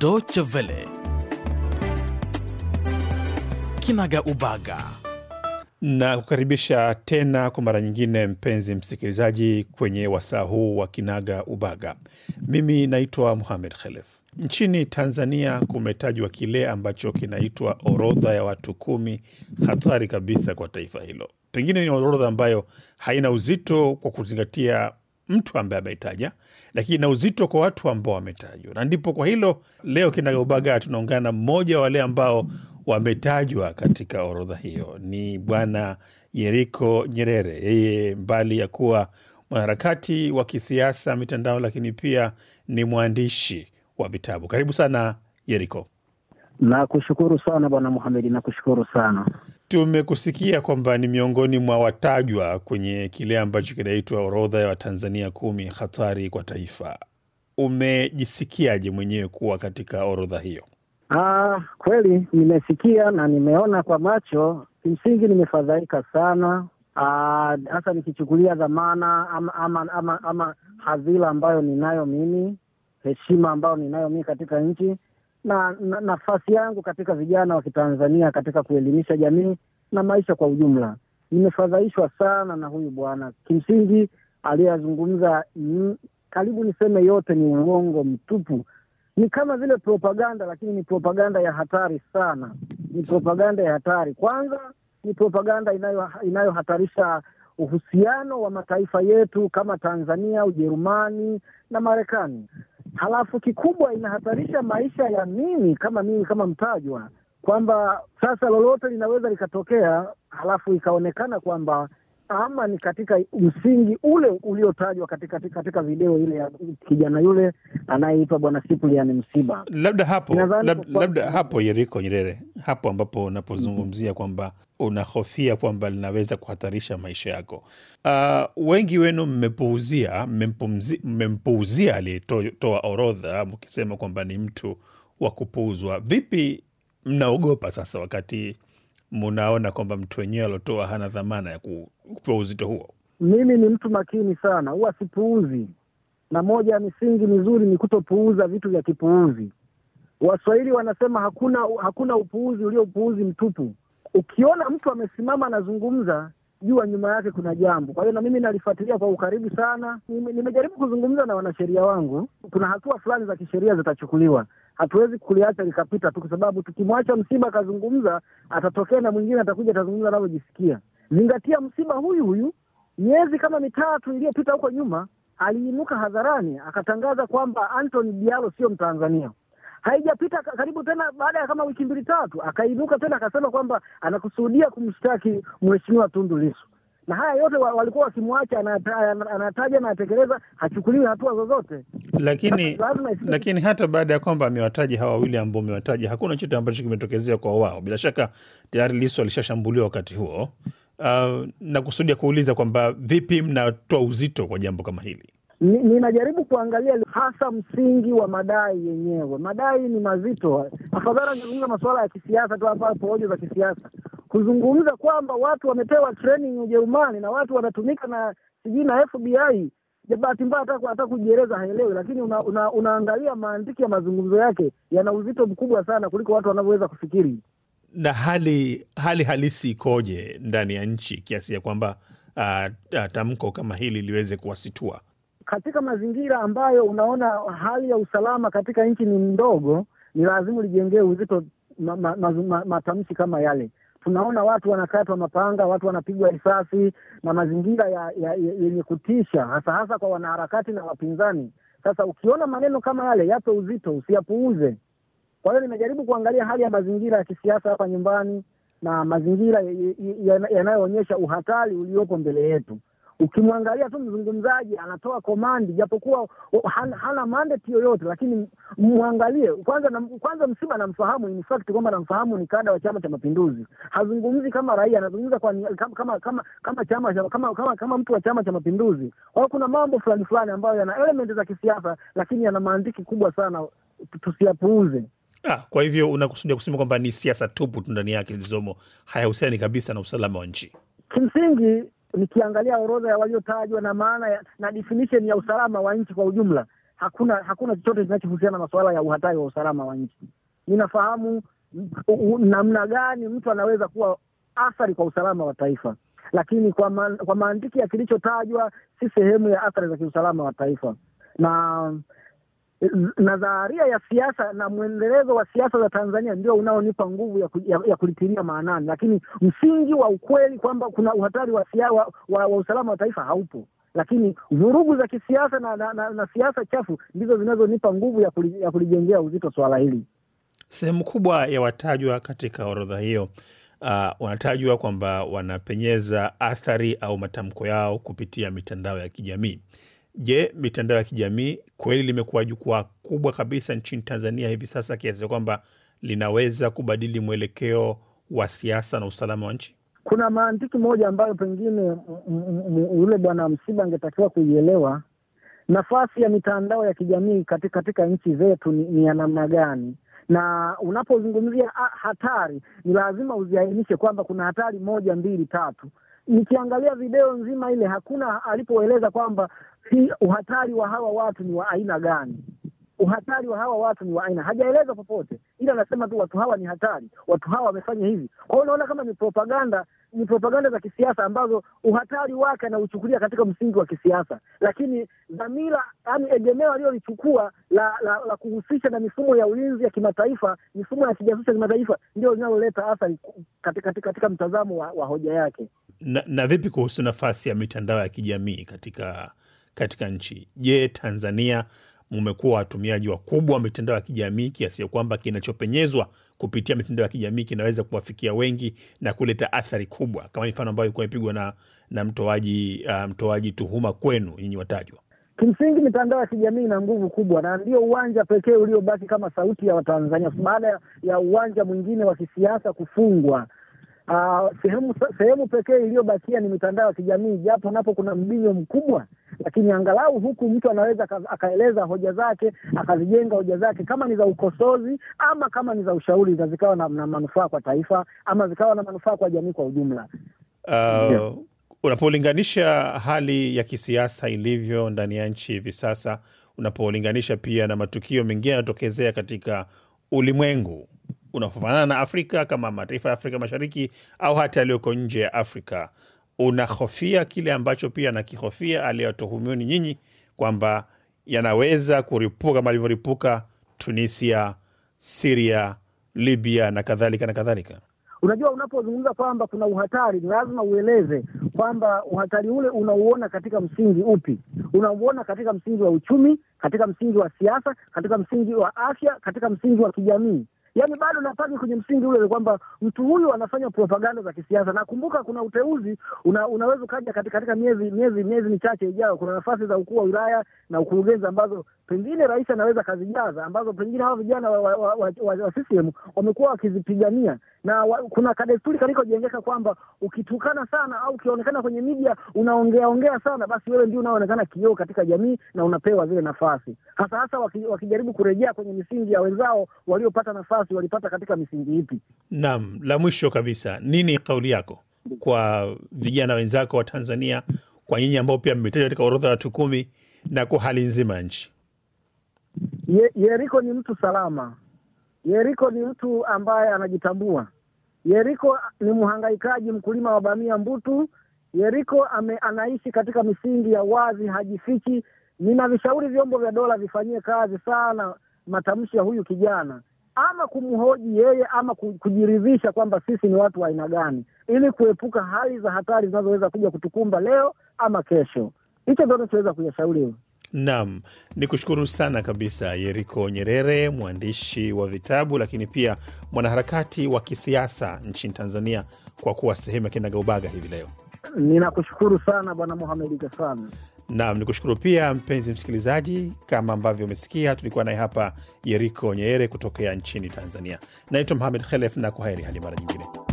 Deutsche Welle, kinaga ubaga na kukaribisha tena kwa mara nyingine, mpenzi msikilizaji, kwenye wasaa huu wa kinaga ubaga. Mimi naitwa Muhamed Khelef. Nchini Tanzania kumetajwa kile ambacho kinaitwa orodha ya watu kumi hatari kabisa kwa taifa hilo. Pengine ni orodha ambayo haina uzito kwa kuzingatia mtu ambaye ametaja lakini na uzito kwa watu ambao wametajwa, na ndipo kwa hilo leo kinagaubaga tunaungana na mmoja wa wale ambao wametajwa katika orodha hiyo, ni Bwana Yeriko Nyerere. Yeye mbali ya kuwa mwanaharakati wa kisiasa mitandao, lakini pia ni mwandishi wa vitabu. Karibu sana Yeriko. Nakushukuru sana Bwana Muhamedi, nakushukuru sana. Tumekusikia kwamba ni miongoni mwa watajwa kwenye kile ambacho kinaitwa orodha ya Watanzania kumi hatari kwa taifa. Umejisikiaje mwenyewe kuwa katika orodha hiyo? Aa, ah, kweli nimesikia na nimeona kwa macho. Kimsingi nimefadhaika sana, ah, hasa nikichukulia dhamana ama, ama, ama, ama hadhira ambayo ninayo mimi, heshima ambayo ninayo mimi katika nchi na, na nafasi yangu katika vijana wa Kitanzania katika kuelimisha jamii na maisha kwa ujumla. Nimefadhaishwa sana na huyu bwana, kimsingi aliyeyazungumza karibu niseme yote ni uongo mtupu. Ni kama vile propaganda, lakini ni propaganda ya hatari sana. Ni propaganda ya hatari. Kwanza ni propaganda inayo inayohatarisha uhusiano wa mataifa yetu kama Tanzania, Ujerumani na Marekani halafu kikubwa inahatarisha maisha ya mimi kama mimi kama mtajwa, kwamba sasa lolote linaweza likatokea, halafu ikaonekana kwamba ama ni katika msingi ule uliotajwa katika, katika video ile ya kijana yule anayeitwa Bwana Cyprian Msiba. Labda hapo lab, labda hapo Yeriko Nyerere, hapo ambapo unapozungumzia mm -hmm. kwamba unahofia kwamba linaweza kuhatarisha maisha yako. Uh, wengi wenu mmepuuzia mmempuuzia aliyetoa orodha mkisema kwamba ni mtu wa kupuuzwa. Vipi mnaogopa sasa wakati munaona kwamba mtu wenyewe aliotoa hana dhamana ya ku kupewa uzito huo? Mimi ni mtu makini sana, huwa sipuuzi, na moja ya misingi mizuri ni kutopuuza vitu vya kipuuzi. Waswahili wanasema hakuna hakuna upuuzi ulio upuuzi mtupu. Ukiona mtu amesimama anazungumza, jua nyuma yake kuna jambo. Kwa hiyo na mimi nalifuatilia kwa ukaribu sana. Nimejaribu kuzungumza na wanasheria wangu, kuna hatua fulani za kisheria zitachukuliwa. Hatuwezi kuliacha likapita tu, kwa sababu tukimwacha msiba akazungumza, atatokea na mwingine atakuja, atazungumza anavyojisikia. Zingatia msiba huyu huyu, miezi kama mitatu iliyopita huko nyuma, aliinuka hadharani akatangaza kwamba Anthony Diallo sio Mtanzania haijapita karibu tena, baada ya kama wiki mbili tatu, akainuka tena akasema kwamba anakusudia kumshtaki mheshimiwa Tundu Lissu, na haya yote walikuwa wakimwacha anataja anatekeleza, hachukuliwi hatua zozote. Lakini lakini hata baada ya kwamba amewataja hawa wawili ambao umewataja, hakuna chote ambacho kimetokezea kwa wao. Bila shaka tayari Lissu alishashambuliwa wakati huo. Uh, na kusudia kuuliza kwamba vipi mnatoa uzito kwa jambo kama hili? ninajaribu kuangalia hasa msingi wa madai yenyewe. Madai ni mazito, afadhali angezungumza masuala ya kisiasa tu hapa, pooja za kisiasa, kuzungumza kwamba watu wamepewa training Ujerumani na watu wanatumika na sijui na FBI. Bahati mbaya hata kujieleza haelewi, lakini una, una, unaangalia maandiki ya mazungumzo yake yana uzito mkubwa sana kuliko watu wanavyoweza kufikiri. Na hali hali halisi ikoje ndani ya nchi kiasi ya kwamba uh, uh, tamko kama hili liweze kuwasitua katika mazingira ambayo unaona hali ya usalama katika nchi ni ndogo, ni lazima ulijengee uzito ma, ma, ma, ma, matamshi kama yale. Tunaona watu wanakatwa mapanga, watu wanapigwa risasi na mazingira yenye kutisha, hasa hasa kwa wanaharakati na wapinzani. Sasa ukiona maneno kama yale, yape uzito, usiyapuuze. Kwa hiyo nimejaribu kuangalia hali ya mazingira ya kisiasa hapa nyumbani na mazingira yanayoonyesha uhatari uliopo mbele yetu. Ukimwangalia tu mzungumzaji anatoa komandi, japokuwa hana, hana mandate yoyote, lakini mwangalie kwanza na, kwanza Msiba anamfahamu in fact kwamba anamfahamu ni kada wa Chama cha Mapinduzi. Hazungumzi kama raia, anazungumza kwa kama kama kama kama chama kama kama, kama mtu wa Chama cha Mapinduzi. Kwa kuna mambo fulani fulani ambayo yana element za kisiasa, lakini yana maandiki kubwa sana, tusiyapuuze. Ah, kwa hivyo unakusudia kusema kwamba ni siasa tupu tu ndani yake zilizomo, hayahusiani kabisa na usalama wa nchi kimsingi. Nikiangalia orodha ya waliotajwa na maana ya, na definition ya usalama wa nchi kwa ujumla, hakuna hakuna chochote kinachohusiana na masuala ya uhatari wa usalama wa nchi. Ninafahamu namna gani mtu anaweza kuwa athari kwa usalama wa taifa, lakini kwa, man, kwa maandiki ya kilichotajwa si sehemu ya athari za kiusalama wa taifa na nadharia ya siasa na mwendelezo wa siasa za Tanzania ndio unaonipa nguvu ya, ya, ya kulitilia maanani, lakini msingi wa ukweli kwamba kuna uhatari wa, wa, wa, wa usalama wa taifa haupo lakini vurugu za kisiasa na, na, na, na siasa chafu ndizo zinazonipa nguvu ya, ya kulijengea uzito swala hili. Sehemu kubwa ya watajwa katika orodha hiyo uh, wanatajwa kwamba wanapenyeza athari au matamko yao kupitia mitandao ya kijamii. Je, mitandao ya kijamii kweli limekuwa jukwaa kubwa kabisa nchini Tanzania hivi sasa kiasi kwamba linaweza kubadili mwelekeo wa siasa na usalama wa nchi? Kuna maandiki moja ambayo pengine yule bwana Msiba angetakiwa kuielewa. Nafasi ya mitandao ya kijamii katika, katika nchi zetu ni, ni ya namna gani? na unapozungumzia ah, hatari ni lazima uziainishe kwamba kuna hatari moja, mbili, tatu nikiangalia video nzima ile hakuna alipoeleza kwamba uhatari wa hawa watu ni wa aina gani uhatari wa hawa watu ni wa aina, hajaeleza popote, ila anasema tu watu hawa ni hatari, watu hawa wamefanya hivi. Kwa hiyo unaona kama ni propaganda, ni propaganda za kisiasa ambazo uhatari wake anauchukulia katika msingi wa kisiasa, lakini dhamira, yaani egemeo aliyolichukua la, la, la kuhusisha na mifumo ya ulinzi ya kimataifa, mifumo ya kijasusi ya kimataifa, ndio linaloleta athari katika, katika, katika mtazamo wa, wa hoja yake. Na, na vipi kuhusu nafasi ya mitandao ya kijamii katika katika nchi? Je, Tanzania mmekuwa watumiaji wakubwa wa mitandao ya kijamii kiasi kwamba kinachopenyezwa kupitia mitandao ya kijamii kinaweza kuwafikia wengi na kuleta athari kubwa, kama mifano ambayo ilikuwa imepigwa na, na mtoaji uh, mtoaji tuhuma kwenu nyinyi watajwa. Kimsingi, mitandao ya kijamii ina nguvu kubwa na ndio uwanja pekee uliobaki kama sauti ya Watanzania baada ya uwanja mwingine wa kisiasa kufungwa. Uh, sehemu sehemu pekee iliyobakia ni mitandao ya kijamii, japo napo kuna mbinyo mkubwa, lakini angalau huku mtu anaweza akaeleza hoja zake akazijenga hoja zake, kama ni za ukosozi ama kama ni za ushauri, za zikawa na, na manufaa kwa taifa ama zikawa na manufaa kwa jamii kwa ujumla. Uh, yeah. Unapolinganisha hali ya kisiasa ilivyo ndani ya nchi hivi sasa, unapolinganisha pia na matukio mengine yanatokezea katika ulimwengu unaofanana na Afrika kama mataifa ya Afrika Mashariki au hata yaliyoko nje ya Afrika, unahofia kile ambacho pia nakihofia aliyotuhumiuni nyinyi kwamba yanaweza kuripuka kama alivyoripuka Tunisia, Siria, Libya na kadhalika na kadhalika. Unajua, unapozungumza kwamba kuna uhatari, lazima ueleze kwamba uhatari ule unauona katika msingi upi? Unauona katika msingi wa uchumi, katika msingi wa siasa, katika msingi wa afya, katika msingi wa kijamii yani bado napaki kwenye msingi ule kwamba mtu huyu anafanya propaganda za kisiasa. Nakumbuka kuna uteuzi una, unaweza ukaja katika, katika miezi miezi miezi michache ijayo. Kuna nafasi za ukuu wa wilaya na ukurugenzi ambazo pengine rais anaweza akazijaza, ambazo pengine hawa vijana wa, wa, wa, wa, wa CCM wamekuwa wakizipigania na wa, kuna kadesturi kalikojengeka kwamba ukitukana sana au ukionekana kwenye media unaongea ongea sana, basi wewe ndio unaonekana kioo katika jamii na unapewa zile nafasi, hasa hasa waki, wakijaribu kurejea kwenye misingi ya wenzao waliopata nafasi walipata katika misingi ipi? Naam, la mwisho kabisa, nini kauli yako kwa vijana wenzako wa Tanzania, kwa nyinyi ambao pia mmetajwa katika orodha ya watu kumi na kwa hali nzima ya nchi? Yeriko ni mtu salama Yeriko ni mtu ambaye anajitambua. Yeriko ni mhangaikaji, mkulima wa bamia mbutu. Yeriko ame, anaishi katika misingi ya wazi, hajifichi. Ninavishauri vyombo vya dola vifanyie kazi sana matamshi ya huyu kijana, ama kumhoji yeye ama kujiridhisha kwamba sisi ni watu wa aina gani, ili kuepuka hali za hatari zinazoweza kuja kutukumba leo ama kesho. Hicho ndio nachoweza kuyashauri nam ni kushukuru sana kabisa Yeriko Nyerere, mwandishi wa vitabu lakini pia mwanaharakati wa kisiasa nchini Tanzania, kwa kuwa sehemu ya Kinagaubaga hivi leo. Ninakushukuru sana Bwana Muhamedi Kasani. Nam ni kushukuru pia mpenzi msikilizaji, kama ambavyo umesikia tulikuwa naye hapa Yeriko Nyerere kutokea nchini Tanzania. Naitwa Muhamed Khelef na kwa heri hadi mara nyingine.